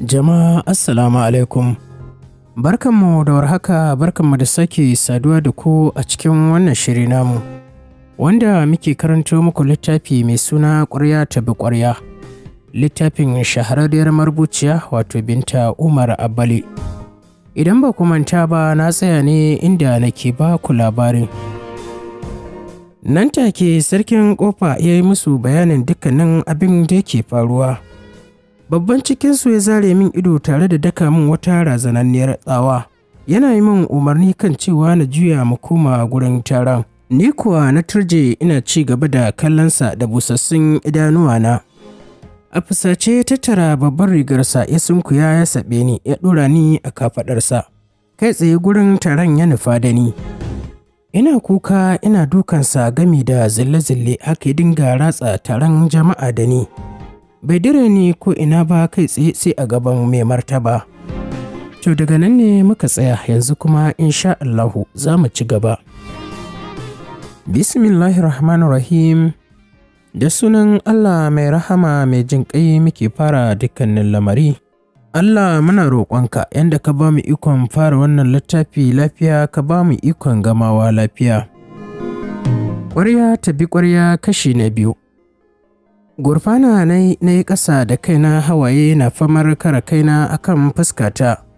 Jama'a Assalamu alaikum. Barkanmu da warhaka, barkanmu da sake saduwa da ku a cikin wannan shiri namu. wanda muke karanto muku littafi mai suna ƙwarya ta bi ƙwarya littafin shahararriyar marubuciya wato binta umar abali idan ba ku manta ba na tsaya ne inda nake ba ku labarin nan take sarkin kofa ya yi musu bayanin dukkanin abin da yake faruwa babban cikinsu ya zare min ido tare da daka min wata razananniyar tsawa yana yi min umarni kan cewa na juya mu koma gurin taron Ni kuwa na turje ina ci gaba da kallonsa da busassun idanuwa na. A fusace ya tattara babbar rigarsa ya sunkuya ya saɓe ni ya ɗora ni a kafaɗarsa. Kai tsaye gurin taron ya nufa da ni. Ina kuka ina dukansa gami da zille-zille haka dinga ratsa taron jama'a da ni. Bai dire ni ko ina ba kai tsaye sai a gaban mai martaba. To daga nan ne muka tsaya yanzu kuma insha Allahu za mu ci gaba. Bismillahirrahmanirrahim da sunan Allah mai rahama mai jin ƙai muke fara dukkanin lamari. Allah muna roƙonka yadda ka ba mu ikon fara wannan littafi lafiya ka ba mu ikon gamawa lafiya. Ƙwarya ta bi ƙwarya kashi na biyu. Gurfana na yi ƙasa da kaina hawaye na famar kara kaina akan fuskata.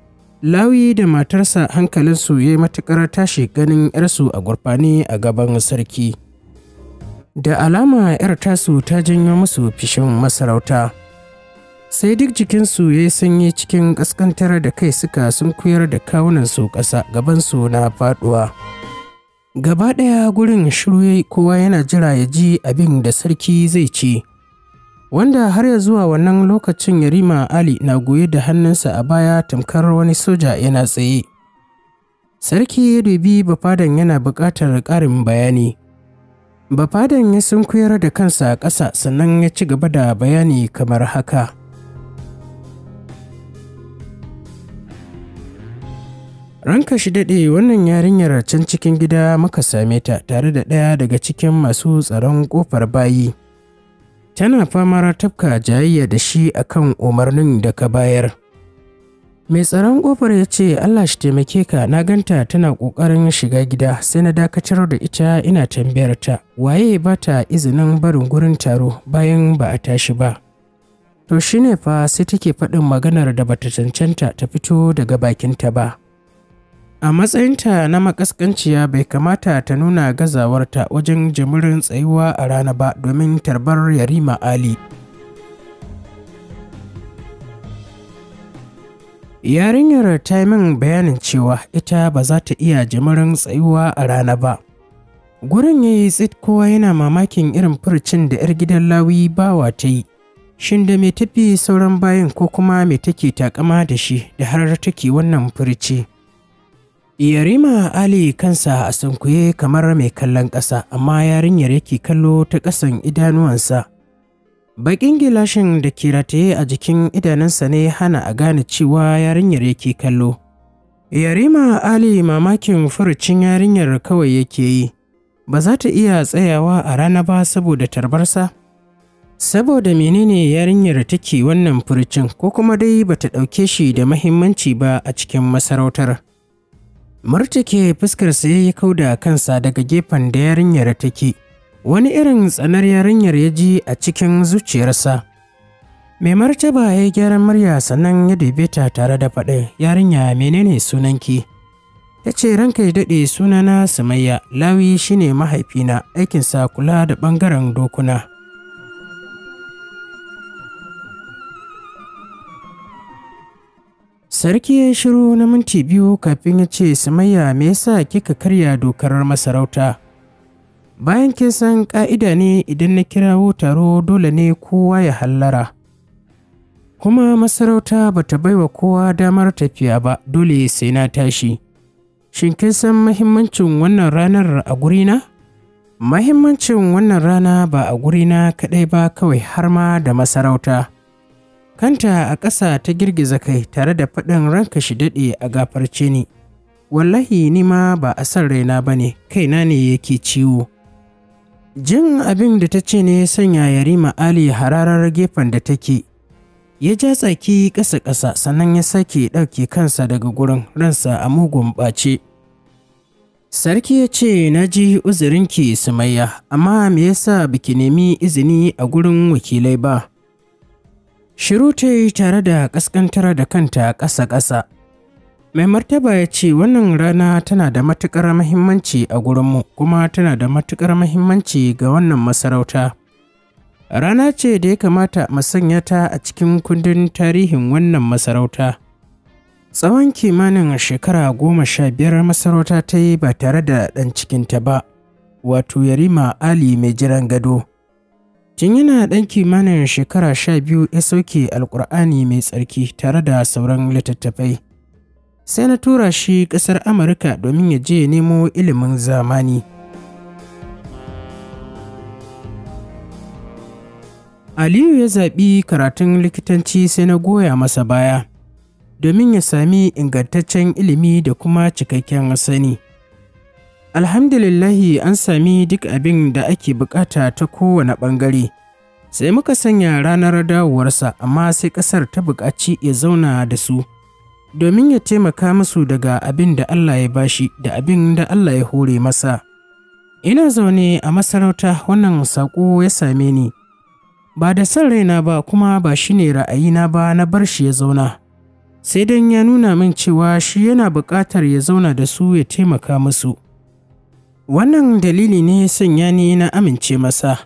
lawi da matarsa hankalinsu ya yi matuƙar tashi ganin 'yarsu a gurfani a gaban sarki da alama 'yar tasu ta janyo musu fishin masarauta sai duk jikinsu ya yi sanyi cikin ƙasƙantar da kai suka sun kuyar da kawunansu ƙasa gabansu na faɗuwa gaba ɗaya gurin shiru kowa yana jira ya ji abin da sarki zai ci. wanda har ya zuwa wannan lokacin yarima ali na goye da hannunsa a baya tamkar wani soja yana tsaye sarki ya dubi bafadan yana buƙatar ƙarin bayani bafadan ya sunkuyar da kansa a ƙasa sannan ya ci gaba da bayani kamar haka ranka shi daɗe wannan yarinyar can cikin gida muka same ta tare da ɗaya daga cikin masu tsaron ƙofar bayi tana fama tafka jayayya da shi akan umarnin da ka bayar. Mai tsaron ƙofar ya ce Allah shi taimake ka na ganta tana ƙoƙarin shiga gida sai na dakatar da ita ina tambayar ta waye ba ta izinin barin gurin taro bayan ba a tashi ba. To shine fa sai take faɗin maganar da bata cancanta ta fito daga bakinta ba. A matsayinta na makaskanciya bai kamata ta nuna gazawarta wajen jimirin tsayuwa a rana ba domin tarbar Yarima Ali. Yarinyar ta min bayanin cewa ita ba za ta iya jimirin tsayuwa a rana ba. Gurin ya yi tsit kowa yana mamakin irin furcin da 'yar gidan lawi bawa ta yi. Shin da mai tafi sauran bayan ko kuma mai take takama da shi da har take wannan furci. Yarima Ali kansa a sankuye kamar mai kallon ƙasa amma yarinyar yake kallo ta ƙasan idanuwansa. Baƙin gilashin da ke rataye a jikin idanunsa ne hana a gane cewa yarinyar yake kallo. Yarima Ali mamakin furucin yarinyar kawai yake yi, ba za ta iya tsayawa a rana ba saboda tarbarsa? Saboda menene yarinyar take wannan furucin ko kuma dai ba ta ɗauke shi da mahimmanci ba a cikin masarautar. Murtuke fuskar sai ya kauda kansa daga gefen da yarinyar take. Wani irin tsanar yarinyar ya ji a cikin zuciyarsa. Mai martaba ya gyaran murya sannan ya dube ta tare da faɗin yarinya menene sunanki? Ta ce ranka ya daɗe sunana Sumayya, Lawi shine mahaifina, aikinsa kula da ɓangaren dokuna. Sarki ya shiru na minti biyu kafin ya ce, Sumayya me yasa kika karya dokar masarauta? Bayan kin san ƙa'ida ne idan na kirawo taro dole ne kowa ya hallara. Kuma masarauta ba ta baiwa kowa damar tafiya ba, dole sai na tashi. Shin kin san mahimmancin wannan ranar a gurina? Mahimmancin wannan rana ba a gurina kaɗai ba kawai har ma da masarauta. Kanta a ƙasa ta girgiza kai tare da faɗin ranka shi daɗe a gafarce ni. Wallahi ni ma ba a san raina ba ne, kaina ne yake ciwo. Jin abin da ta ce ne sanya Yarima Ali hararar gefen da take. Ya ja tsaki ƙasa-ƙasa sannan ya sake ɗauke kansa daga gurin ransa a mugun ɓace. Sarki ya ce, Na ji uzurinki Sumayya, amma me yasa biki nemi izini a gurin wakilai ba? Shiru ta yi tare da ƙasƙantar da kanta ƙasa-ƙasa. Mai martaba ya ce wannan rana tana da matuƙar mahimmanci a gurinmu kuma tana da matuƙar mahimmanci ga wannan masarauta. Rana ce da ya kamata mu sanya ta a cikin kundin tarihin wannan masarauta. Tsawon kimanin shekara goma sha biyar masarauta ta yi ba tare da ɗan cikinta ba, wato Yarima Ali mai jiran gado. Tun yana ɗan kimanin shekara sha biyu ya sauke Alƙur'ani mai tsarki tare da sauran littattafai. Sai na tura shi ƙasar Amurka domin ya je nemo ilimin zamani. Aliyu ya zaɓi karatun likitanci sai na goya masa baya, domin ya sami ingantaccen ilimi da kuma cikakken sani. Alhamdulillahi an sami duk abin da ake bukata ta kowane ɓangare. Sai muka sanya ranar dawowarsa amma sai ƙasar ta buƙaci ya zauna da su domin ya taimaka musu daga abin da Allah ya bashi da abin da Allah ya hore masa. Ina zaune a masarauta wannan saƙo ya same ni. Ba da san raina ba kuma ba shi ne ra'ayina ba na bar shi ya zauna. Sai dan ya nuna min cewa shi yana buƙatar ya zauna da su ya taimaka musu. Wannan dalili ne sanya ni na amince masa.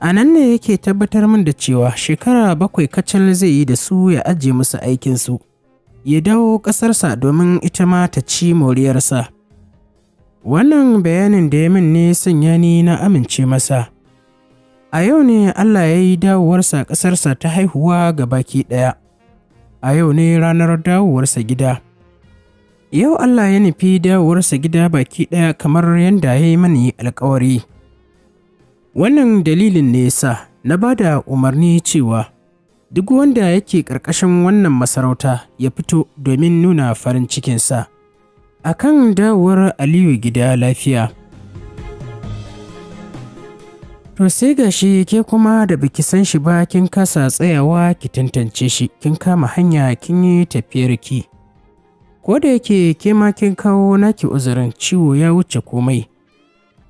A nan ne yake tabbatar min da cewa shekara bakwai kacal zai yi da su ya ajiye musu aikinsu, ya dawo ƙasarsa domin ita ma ta ci moriyarsa. Wannan bayanin da ya min ne sanya ni na amince masa. A yau ne Allah ya yi dawowarsa ƙasarsa ta haihuwa ga baki ɗaya. A yau ne ranar dawowarsa gida. Yau Allah ya nufi dawowarsa gida baki ɗaya kamar yadda ya yi mani alkawari. Wannan dalilin ne yasa na ba da umarni cewa duk wanda yake ƙarƙashin wannan masarauta ya fito domin nuna farin cikinsa. A kan dawowar Aliyu gida lafiya. To sai ga shi ke kuma da biki san shi ba kin kasa tsayawa ki tantance shi kin kama hanya kin yi tafiyar ki. ko da yake ke ma kin kawo naki uzurin ciwo ya wuce komai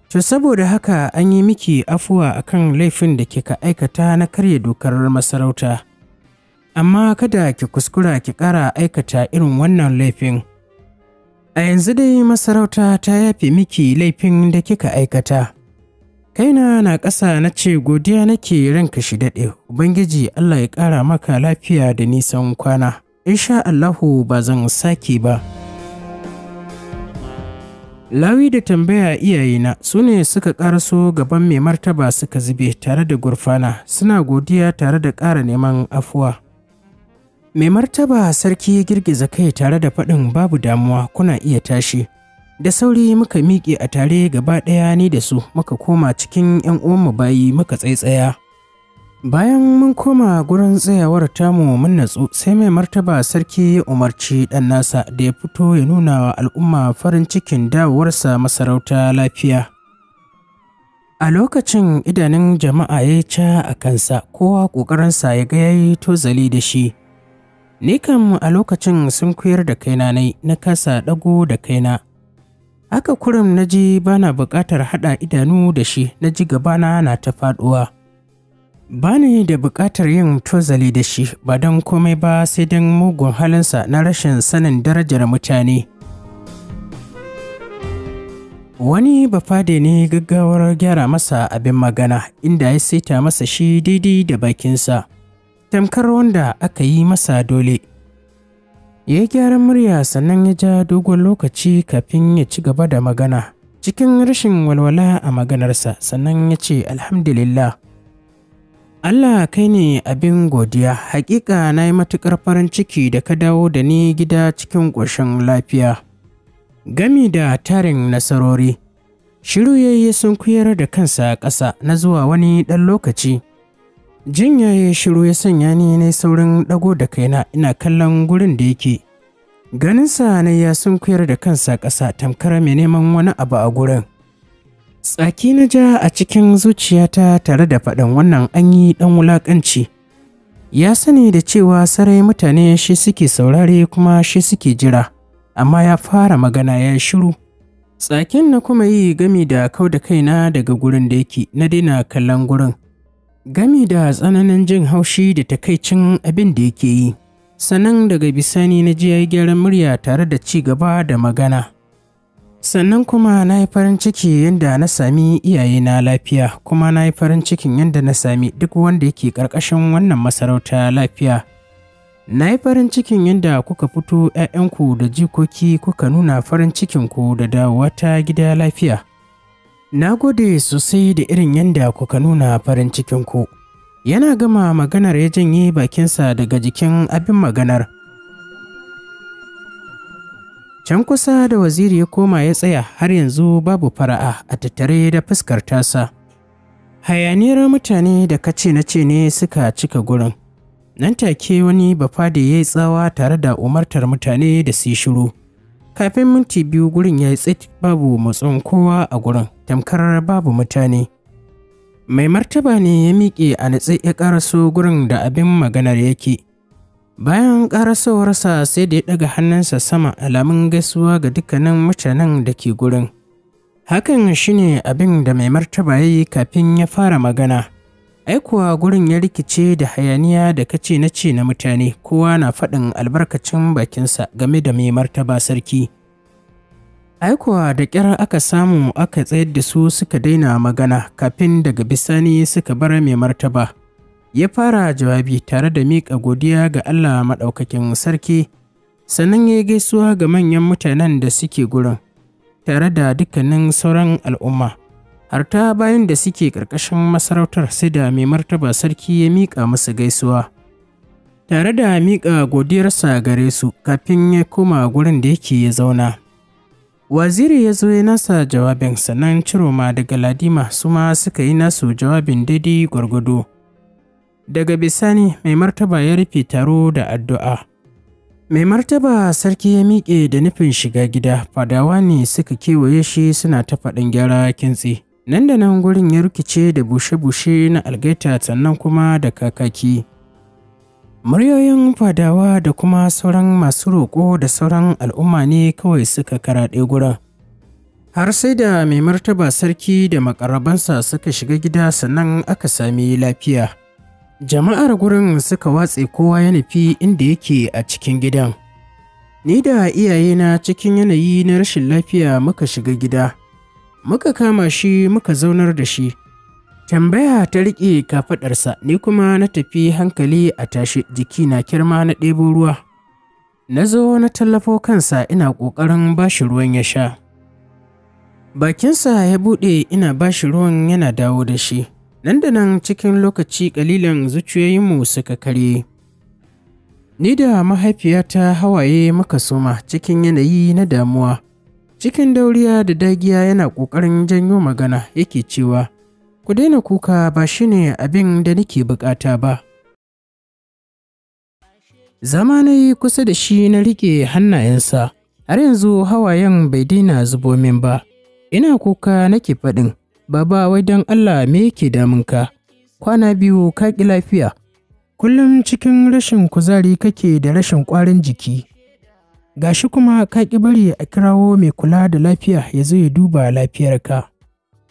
to saboda haka an yi miki afuwa akan laifin da kika aikata na karya dokar masarauta amma kada ki kuskura ki ƙara aikata irin wannan laifin a yanzu dai masarauta ta yafe miki laifin da kika aikata kaina na ƙasa na ce godiya nake ranka shi daɗe ubangiji allah ya ƙara maka lafiya da nisan kwana insha Allahu ba zan sake ba. Lawi da tambaya iyayena su ne suka ƙaraso gaban mai martaba suka zube tare da gurfana suna godiya tare da ƙara neman afuwa. Mai martaba sarki girgiza kai tare da faɗin babu damuwa kuna iya tashi. Da sauri muka miƙe a tare gaba ɗaya ni da su muka koma cikin 'yan uwanmu bayi muka tsaitsaya. Bayan mun koma gurin tsayawar tamu mun natsu sai mai martaba sarki ya umarci ɗan nasa da ya fito ya nuna wa al'umma farin cikin dawowarsa masarauta lafiya. A lokacin idanun jama'a ya ca a kansa kowa ƙoƙarinsa ya ga yayi tozali da shi. Ni kam a lokacin sun koyar da kaina nai na kasa ɗago da kaina. Haka kurum na ji bana buƙatar haɗa idanu da shi na ji gabana na ta faɗuwa. ba ni da buƙatar yin tozali da shi ba don komai ba sai don mugun halinsa na rashin sanin darajar mutane wani bafade ne gaggawar gyara masa abin magana inda ya saita masa shi daidai da bakinsa tamkar wanda aka yi masa dole ya yi gyaran murya sannan ya ja dogon lokaci kafin ya ci gaba da magana cikin rashin walwala a maganarsa sannan ya ce alhamdulillah Allah kai ne abin godiya, hakika na yi matuƙar farin ciki da ka dawo da ni gida cikin ƙoshin lafiya. Gami da tarin nasarori, shiru yayye sun kuyar da kansa ƙasa na zuwa wani ɗan lokaci. Jin yayi shiru ya sanya ni na saurin ɗago da kaina ina kallon gurin da yake. Ganinsa na ya sun kuyar da kansa ƙasa tamkar mai neman wani abu a gurin. Tsaki na ja a cikin zuciyata tare da faɗan wannan an yi ɗan wulaƙanci. Ya sani da cewa sarai mutane shi suke saurare kuma shi suke jira, amma ya fara magana ya shiru. Tsakin na kuma yi gami da kau da kaina daga gurin da yake na daina kallon gurin. Gami da tsananin jin haushi da takaicin abin da yake yi. Sannan daga bisani na ji ya yi gyaran murya tare da ci gaba da magana. sannan kuma na yi farin ciki yadda na sami iyayena lafiya kuma na yi farin cikin yadda na sami duk wanda yake ƙarƙashin wannan masarauta lafiya na yi farin cikin yadda kuka fito 'ya'yanku da jikoki kuka nuna farin cikinku da dawowa ta gida lafiya na gode sosai da irin yadda kuka nuna farin cikinku yana gama maganar ya janye bakinsa daga jikin abin maganar Can kusa da waziri ya koma ya tsaya har yanzu babu fara'a a tattare da fuskar tasa. Hayaniyar mutane da kace na ce ne suka cika gurin. Nan take wani da ya yi tsawa tare da umartar mutane da su shiru. Kafin minti biyu gurin ya yi tsit babu matsun kowa a gurin, tamkar babu mutane. Mai martaba ne ya miƙe a natsi ya ƙaraso gurin da abin maganar yake. bayan ƙarasowarsa sai da ya ɗaga hannunsa sama alamun gaisuwa ga dukkanin mutanen da ke gurin hakan shine abin da mai martaba ya yi kafin ya fara magana aikuwa gurin ya rikice da hayaniya da kace na ce na mutane kowa na faɗin albarkacin bakinsa game da mai martaba sarki aikuwa da ƙyar aka samu aka tsayar da su suka daina magana kafin daga bisani suka bar mai martaba ya fara jawabi tare da miƙa godiya ga Allah maɗaukakin sarki, sannan ya gaisuwa ga manyan mutanen da suke gurin, tare da dukkanin sauran al'umma. Har ta bayan da suke ƙarƙashin masarautar sai da mai martaba sarki ya miƙa musu gaisuwa. Tare da miƙa godiyarsa gare su kafin ya koma gurin da yake ya zauna. Waziri ya zo ya nasa jawabin sannan Ciroma daga ladima su ma suka yi nasu jawabin daidai gwargwado. Daga bisani mai martaba ya rufe taro da addu'a. Mai martaba sarki ya miƙe da nufin shiga gida, fadawa ne suka kewaye shi suna ta faɗin gyara kintsi. Nan da nan gurin ya rikice da bushe-bushe na algaita sannan kuma da kakaki. Muryoyin fadawa da kuma sauran masu roƙo da sauran al'umma ne kawai suka karaɗe gurin. har sai da mai martaba sarki da makarabansa suka shiga gida sannan aka sami lafiya. Jama'ar gurin suka watse kowa ya nufi inda yake a cikin gidan. Ni da iyayena cikin yanayi na rashin lafiya muka shiga gida. Muka kama shi muka zaunar da shi. Tambaya ta riƙe kafaɗarsa ni kuma na tafi hankali a tashi jiki na kirma na ɗebo ruwa. Na zo na tallafo kansa ina ƙoƙarin bashi ruwan ya sha. Bakinsa ya buɗe ina bashi ruwan yana dawo da shi. nan da nan cikin lokaci ƙalilan zuciyoyinmu suka kare. Ni da mahaifiyata hawaye muka soma cikin yanayi na damuwa. Cikin dauriya da dagiya yana ƙoƙarin janyo magana yake cewa, Ku daina kuka ba shi ne abin da nake buƙata ba. Zama na kusa da shi na riƙe hannayensa, har yanzu hawayen bai daina zubomin ba. Ina kuka nake faɗin, Baba wai don Allah me yake damunka? Kwana biyu ka ƙi lafiya. Kullum cikin rashin kuzari kake da rashin ƙwarin jiki. Gashi kuma ka ƙi bari a kirawo mai kula da lafiya ya zo ya duba lafiyarka.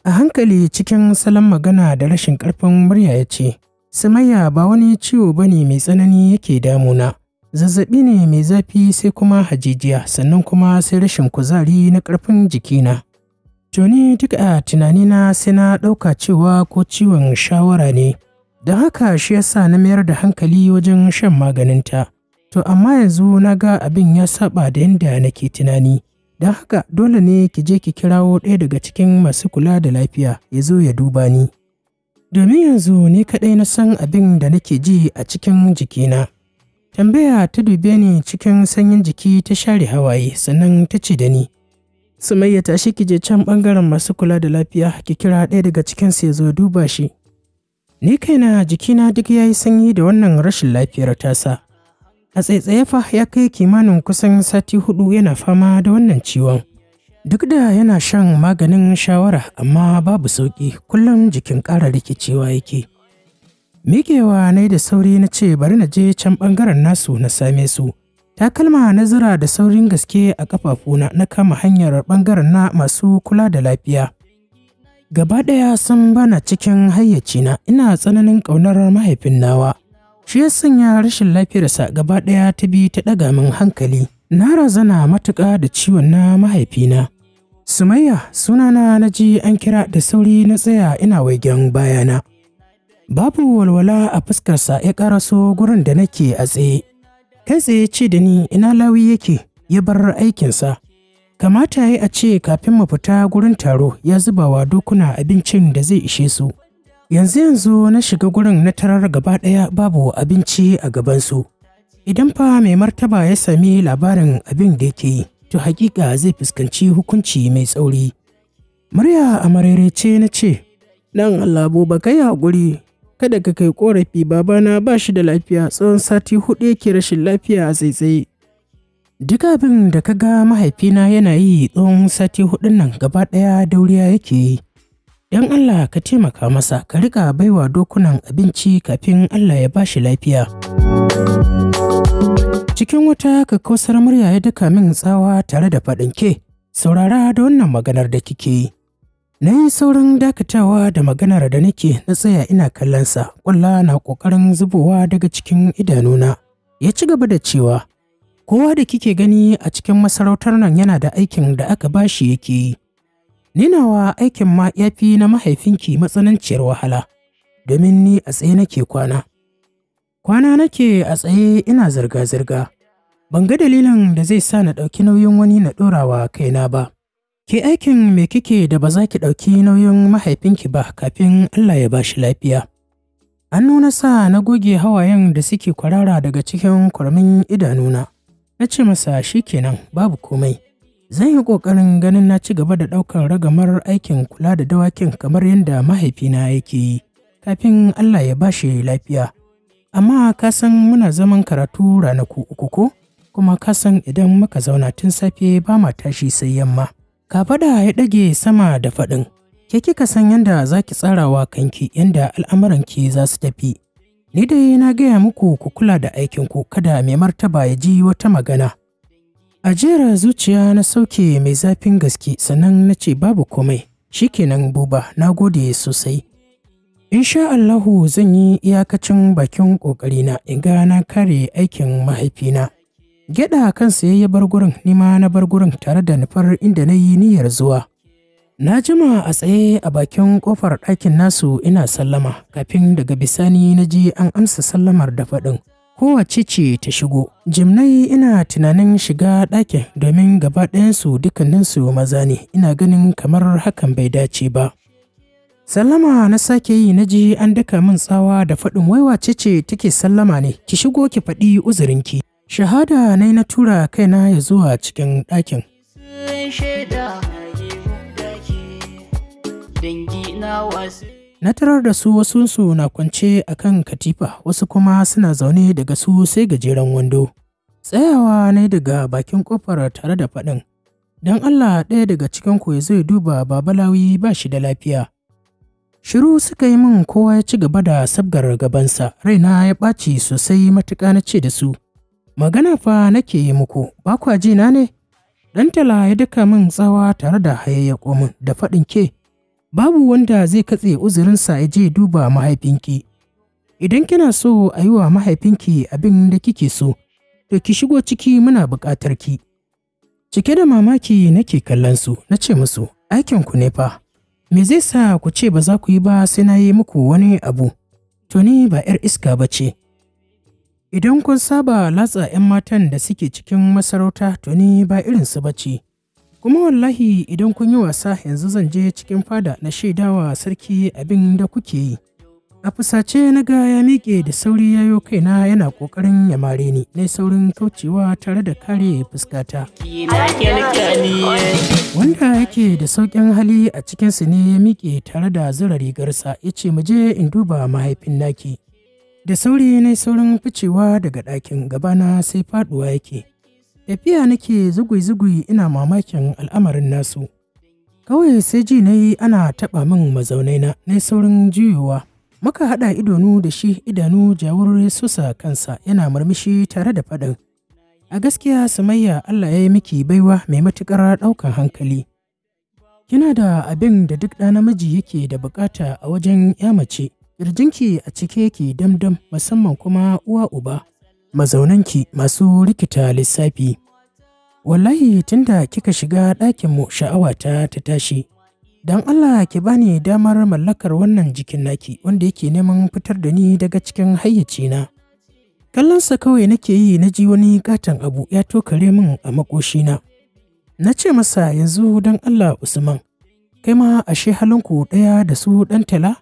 A hankali cikin salon magana da rashin ƙarfin murya ya ce, Sumayya ba wani ciwo ba ne mai tsanani yake damuna. Zazzaɓi ne mai zafi sai kuma hajijiya sannan kuma sai rashin kuzari na ƙarfin jikina. tuni duk a tunanina sai na ɗauka cewa ko ciwon shawara ne Da haka shi yasa na mayar da hankali wajen shan maganinta to amma yanzu na ga abin ya saba da yadda nake tunani Da haka dole ne ki je ki kirawo ɗaya daga cikin masu kula da lafiya ya zo ya duba ni domin yanzu ni kaɗai na san abin da nake ji a cikin jikina tambaya ta dube ni cikin sanyin jiki ta share hawaye sannan ta ce da ni Sumayya tashi ki je can ɓangaren masu kula da lafiya ki kira ɗaya daga cikin su ya zo duba shi. Ni kaina jikina duk ya yi sanyi da wannan rashin lafiyar tasa. A tsaitsaye fa ya kai kimanin kusan sati hudu yana fama da wannan ciwon. Duk da yana shan maganin shawara amma babu sauƙi kullum jikin ƙara rikicewa yake. Mikewa na da sauri na ce bari na je can ɓangaren nasu na same su. Takalma na zura da saurin gaske a kafafuna na kama hanyar bangaren na masu kula da lafiya. Gaba ɗaya sun bana cikin hayyacina ina tsananin ƙaunar mahaifin nawa. Shi ya sanya rashin lafiyarsa gaba ɗaya ta bi ta ɗaga min hankali. Na razana matuƙa da ciwon na mahaifina. Sumayya sunana na ji an kira da sauri na tsaya ina waigen bayana. Babu walwala a fuskarsa ya ƙaraso gurin da nake a tsaye. kai tsaye ce da ni ina lawi yake ya bar aikinsa kamata ya yi a ce kafin mu fita gurin taro ya zuba wa dokuna abincin da zai ishe su yanzu yanzu na shiga gurin na tarar gaba ɗaya babu abinci a gabansu idan fa mai martaba ya sami labarin abin da yake yi to hakika zai fuskanci hukunci mai tsauri murya a ce na ce nan allah ba kai haƙuri kada ka kai korafi babana ba shi da lafiya tsawon sati hudu yake rashin lafiya a tsaitsaye duk abin da ka ga mahaifina yana yi tsawon sati hudu nan gaba ɗaya dauriya yake yi don allah ka taimaka masa ka riƙa baiwa dokunan abinci kafin allah ya ba shi lafiya cikin wata kakkausar murya ya duka min tsawa tare da faɗin ke saurara da wannan maganar da kike yi Na yi saurin dakatawa da maganar da nake na tsaya ina kallonsa, kwallo na ƙoƙarin zubowa daga cikin idanuna. Ya ci gaba da cewa, Kowa da kike gani a cikin masarautar nan yana da aikin da aka bashi yake yi. Ninawa aikin ma ya fi na mahaifinki matsananciyar wahala, domin ni a tsaye nake kwana. Kwana nake a tsaye ina zirga-zirga. Ban ga dalilin da zai sa na ɗauki nauyin wani na ɗorawa kaina ba. Ke aikin me kike da ba za ki ɗauki nauyin mahaifinki ba kafin Allah ya bashi lafiya. An nuna sa na goge hawayen da suke kwarara daga cikin kwarmin idanuna. Na ce masa shi kenan babu komai. Zan yi ƙoƙarin ganin na ci gaba da ɗaukar ragamar aikin kula da dawakin kamar yadda mahaifina yake yi, kafin Allah ya ba shi lafiya. Amma ka san muna zaman karatu ranaku uku ko? Kuma ka san idan muka zauna tun safe ba ma tashi sai yamma. Kafaɗa ya ɗage sama da faɗin, ke kika san yadda za ki wa kanki yadda al'amuranki za su tafi. Ni dai na gaya muku ku kula da aikinku kada mai martaba ya ji wata magana. A jera zuciya na sauke mai zafin gaske sannan na ce babu komai, shikenan buba na gode sosai. Insha Allahu zan yi iyakacin bakin ƙoƙarina in ga na kare aikin mahaifina. Gyaɗa kansa ya bar gurin, ni ma na bar gurin tare da nufar inda na yi niyyar zuwa. Na jima a tsaye a bakin kofar ɗakin nasu ina sallama, kafin daga bisani na ji an amsa sallamar da faɗin. Kowace ce ta shigo, jimnai ina tunanin shiga ɗakin domin gaba ɗayansu dukkaninsu maza ne, ina ganin kamar hakan bai dace ba. Sallama na sake yi na ji an daka min tsawa da faɗin waiwa ce take sallama ne, ki shigo ki faɗi uzurinki. Shahada na na tura kaina ya zuwa cikin ɗakin. Na tarar da su wasunsu na kwance a kan katifa wasu kuma suna zaune daga su sai gajeren wando. Tsayawa ne daga bakin ƙofar tare da faɗin. Don Allah ɗaya daga cikin ku zai duba babalawi ba shi da lafiya. Shiru suka yi min kowa ya ci gaba da sabgar gabansa, raina ya ɓaci sosai matuƙa na ce da su. Magana fa nake yi muku, ba kwa ji na ne? Ɗantala ya daka min tsawa tare da hayayyako min da faɗin ke, babu wanda zai katse uzurinsa ya je duba mahaifinki. Idan kina so a yi wa mahaifinki abin da kike so, to ki shigo ciki muna buƙatar ki. Cike da mamaki nake kallon su, na ce musu, aikinku ne fa. Me zai sa ku ce ba za ku yi ba sai na yi muku wani abu? To ni ba 'yar iska ba ce, Idan kun saba latsa 'yan matan da suke cikin masarauta to ni ba irinsu ba ce. Kuma wallahi idan kun yi wasa yanzu zan je cikin fada na shaidawa sarki abin da kuke yi. A fusace na ga ya miƙe da sauri yayo kaina yana ƙoƙarin ya mare ni, na saurin kaucewa tare da kare fuskata. Wanda yake da sauƙin hali a cikinsu ne ya miƙe tare da zura rigarsa ya ce mu je in duba mahaifin naki. Da sauri na saurin ficewa daga ɗakin gabana sai faɗuwa yake. Tafiya nake zugui-zugui ina mamakin al'amarin nasu. Kawai sai ji na yi ana taɓa min mazaunaina na saurin juyowa. Muka haɗa idonu da shi idanu jawur susa kansa yana murmushi tare da faɗin. A gaskiya Sumayya Allah ya yi miki baiwa mai matuƙar ɗaukan hankali. Kina da abin da duk ɗa namiji yake da bukata a wajen ya mace. Kirjinki a cike yake damdam musamman kuma uwa uba, mazaunanki masu rikita lissafi. Wallahi tunda kika shiga ɗakinmu sha'awata ta tashi. Don Allah ki bani damar mallakar wannan jikin naki wanda yake neman fitar da ni daga cikin hayyacina. Kallonsa kawai nake yi na ji wani katon abu ya tokare min a makoshina. Na ce masa yanzu don Allah Usman, kai ma ashe halinku ɗaya da su ɗan tala?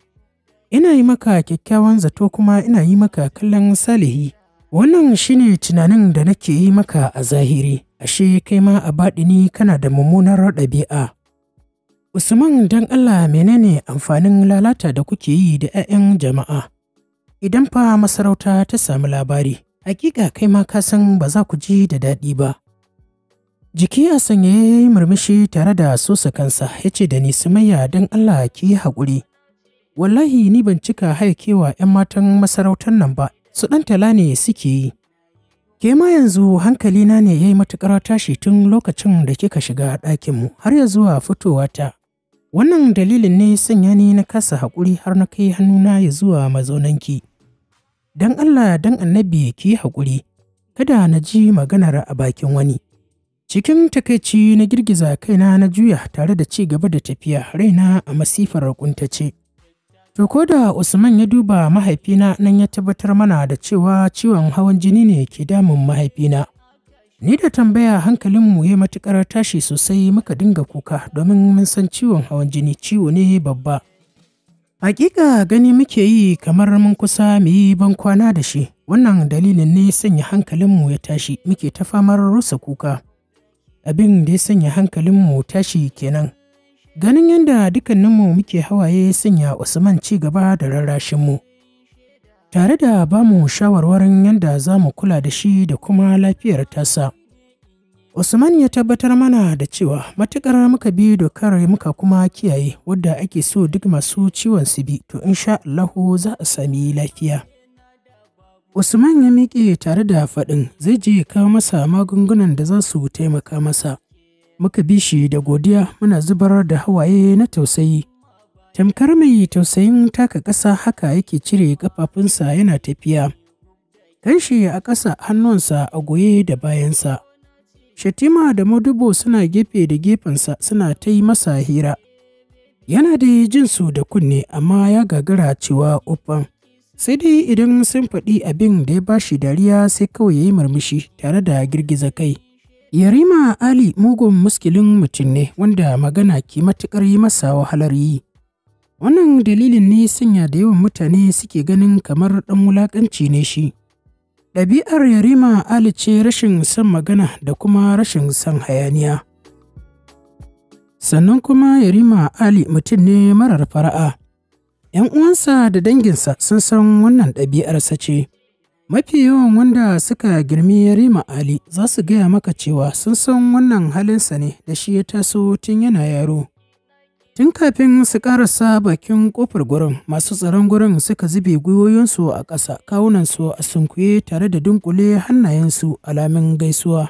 Ina yi maka kyakkyawan zato kuma ina yi maka kallon salihi. Wannan shine tunanin da nake yi maka a zahiri, ashe kai ma a baɗi baɗini kana da mummunar ɗabi'a. Usman dan Allah menene amfanin lalata da kuke yi da 'ya'yan jama'a? Idan fa masarauta ta sami labari, hakika kai ma ka san ba za ku ji da daɗi ba. Jiki a sanye murmushi tare da sosa kansa ya ce da ni sumayya don Allah ki yi haƙuri. wallahi ni ban cika haikewa 'yan matan masarautar nan ba su ɗan tala ne suke yi ke ma yanzu na ne ya yi matuƙar tashi tun lokacin da kika shiga ɗakinmu har ya zuwa ta. wannan dalilin ne sanya ni na kasa haƙuri har na kai hannuna ya zuwa mazaunanki don allah don annabi ki yi haƙuri kada na ji maganar a bakin wani cikin takaici na girgiza kaina na juya tare da ci gaba da tafiya raina a masifar kuntace. To ko da Usman ya duba mahaifina nan ya tabbatar mana da cewa ciwon hawan jini ne ke damun mahaifina. Ni da tambaya hankalinmu ya matuƙar tashi sosai muka dinga kuka domin mun san ciwon hawan jini ciwo ne babba. Hakika gani muke yi kamar mun kusa mu yi kwana da shi, wannan dalilin ne sanya hankalinmu ya tashi muke ta famar rusa kuka. Abin da ya sanya hankalinmu tashi kenan. Ganin yadda dukkaninmu muke hawaye sanya Usman ci gaba da rarrashinmu. Tare da ba mu shawarwarin yadda za mu kula da shi da kuma lafiyar tasa. Usman ya tabbatar mana da cewa matuƙar muka bi dokar muka kuma kiyaye wadda ake so duk masu ciwon su bi to insha Allahu za a sami lafiya. Usman ya miƙe tare da faɗin zai je kawo masa magungunan da za su taimaka masa. muka bi shi da godiya muna zubar da hawaye na tausayi tamkar mai tausayin taka ƙasa haka yake cire ƙafafunsa yana tafiya kanshi a ƙasa hannunsa a goye da bayansa shatima da madubo suna gefe da gefensa suna ta yi masa hira yana da jin su da kunne amma ya gagara cewa ofan. sai dai idan sun faɗi abin da ya bashi dariya sai kawai ya yi murmushi tare da girgiza kai Yarima Ali mugun muskilin mutum ne wanda magana ke matuƙar yi masa wahalar yi. Wannan dalilin ne sanya da yawan mutane suke ganin kamar ɗan wulaƙanci ne shi. Ɗabi'ar Yarima Ali ce rashin son magana da kuma rashin son hayaniya. Sannan kuma Yarima Ali mutum ne marar fara'a. ‘Yan uwansa da danginsa sun san wannan ɗabi'arsa ce. Mafi yawan wanda suka girmi Yarima Ali za su gaya maka cewa sun san wannan halinsa ne da shi ya taso tun yana yaro. Tun kafin su karasa bakin ƙofar gurin masu tsaron gurin suka zube gwiwoyinsu a ƙasa kawunansu a sunkuye tare da dunkule hannayensu alamin gaisuwa.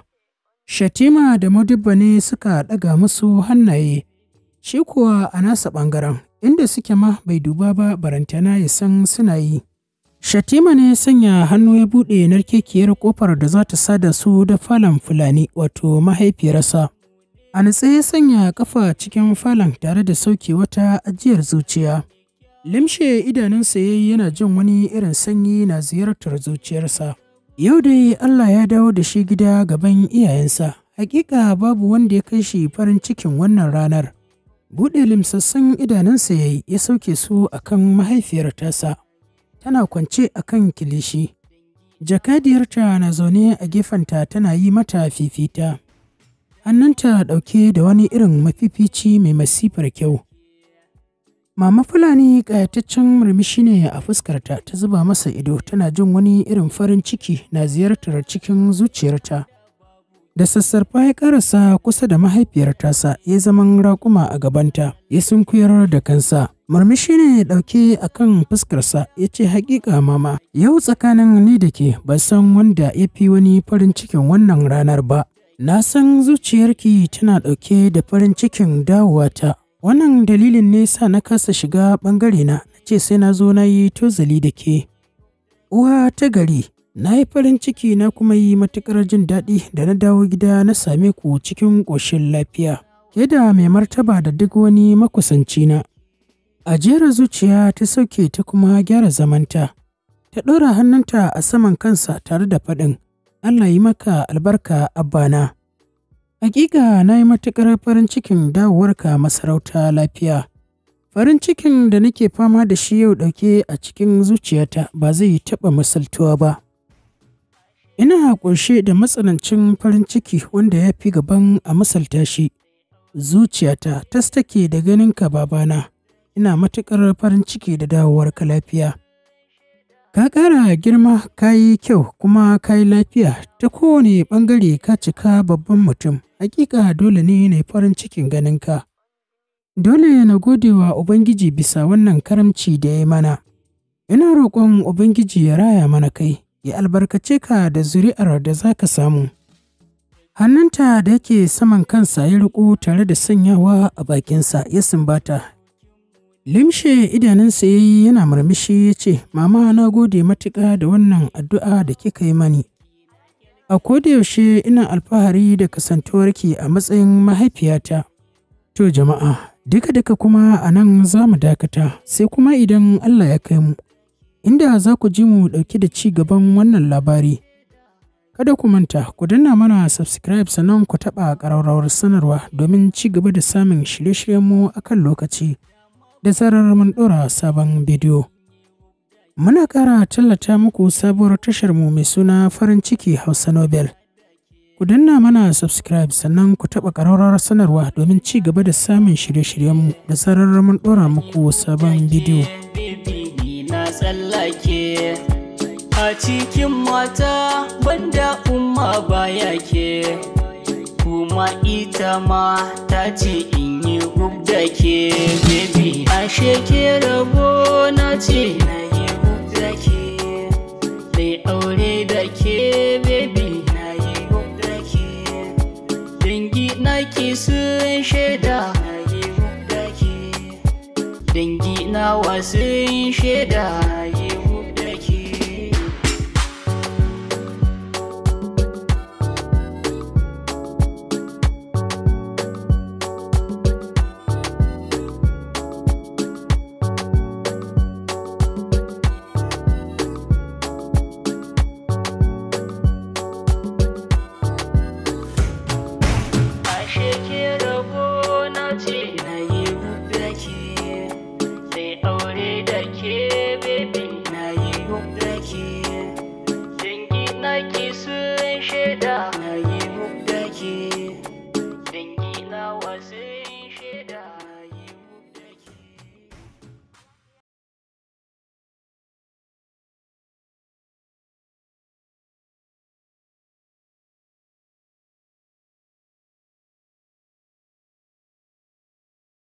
Shatima da Madubba ne suka ɗaga musu hannaye, shi kuwa a nasa ɓangaren inda suke ma bai duba ba barantana ya san suna yi. Shatima ne sanya hannu ya buɗe narkekiyar ƙofar da za ta sada su da falon Fulani wato mahaifiyarsa. A natsa ya sanya ƙafa cikin falon tare da sauke wata ajiyar zuciya. Limshe idanunsa ya yana jin wani irin sanyi na ziyartar zuciyarsa. Yau dai Allah ya dawo da shi gida gaban iyayensa. Hakika babu wanda ya kai shi farin cikin wannan ranar. Buɗe limsassan idanunsa ya yi ya sauke su akan mahaifiyar tasa. tana kwance a kan kilishi. Jakadiyarta na zaune a gefenta tana yi mata fifita. Hannunta ɗauke da wani irin mafifici mai masifar kyau. Mama Fulani ƙayataccen murmushi ne a fuskarta ta zuba masa ido tana jin wani irin farin ciki na ziyartar cikin zuciyarta. Da sassarfa ya ƙarasa kusa da mahaifiyar tasa ya zaman raƙuma a gabanta ya sunkuyar da kansa. Murmushi ne ɗauke a kan fuskarsa ya ce haƙiƙa mama, yau tsakanin ni da ke ba san wanda ya fi wani farin cikin wannan ranar ba. Na san zuciyarki tana ɗauke da farin cikin dawowata. Wannan dalilin ne sa na kasa shiga ɓangare na ce sai na zo na yi tozali da ke. Uwa ta gari, na yi farin ciki na kuma yi matukar jin daɗi da na dawo gida na same ku cikin ƙoshin lafiya. Ke da mai martaba da duk wani makusanci na. A jera zuciya ta sauke ta kuma gyara zamanta. Ta ɗora hannunta a saman kansa tare da faɗin, Allah yi maka albarka abbana. Hakika na yi matuƙar farin cikin dawowarka masarauta lafiya. Farin cikin da nake fama da shi yau ɗauke a cikin zuciyata ba zai yi taɓa misaltuwa ba. Ina ƙunshe da matsanancin farin ciki wanda ya fi gaban a misalta shi. Zuciyata tas take da ganinka babana, ina matuƙar farin ciki da ka lafiya. Ka ƙara girma ka yi kyau kuma ka yi lafiya ta kowane ɓangare ka cika babban mutum, hakika dole ne na farin cikin ganinka. Dole na gode wa Ubangiji bisa wannan karamci da ya mana. Ina roƙon Ubangiji ya raya mana kai, ya albarkace ka da zuri'ar da za ka samu. Hannunta da yake saman kansa ya riko tare da sanyawa a bakinsa ya sumbata Limshe idanunsa ya yi yana murmushi ya ce, Mama na gode matuƙa da wannan addu'a da kika yi mani. A yaushe ina alfahari da kasantuwarki a matsayin mahaifiyata. To jama'a, duka-duka kuma a nan za mu dakata, sai kuma idan Allah ya kai mu, inda za ku ji mu ɗauki da ci gaban wannan labari. Kada ku manta, ku danna mana subscribe sannan ku taɓa ƙararrawar sanarwa domin ci gaba da samun shirye-shiryenmu a kan lokaci. da zarar mun ɗora sabon bidiyo. Muna ƙara tallata muku sabuwar tashar mu mai suna farin ciki Hausa Nobel. Ku danna mana subscribe sannan ku taɓa ƙararrawar sanarwa domin ci gaba da samun shirye-shiryenmu da zarar mun ɗora muku sabon bidiyo. A cikin mata banda umma baya ke, kuma ita ma ta ce in yi ke yaushe ke rabo na ce na yi da ke mai aure da ke baby na yi da ke dangi na ki sun shaida na yi da ke dangi na wasu shaida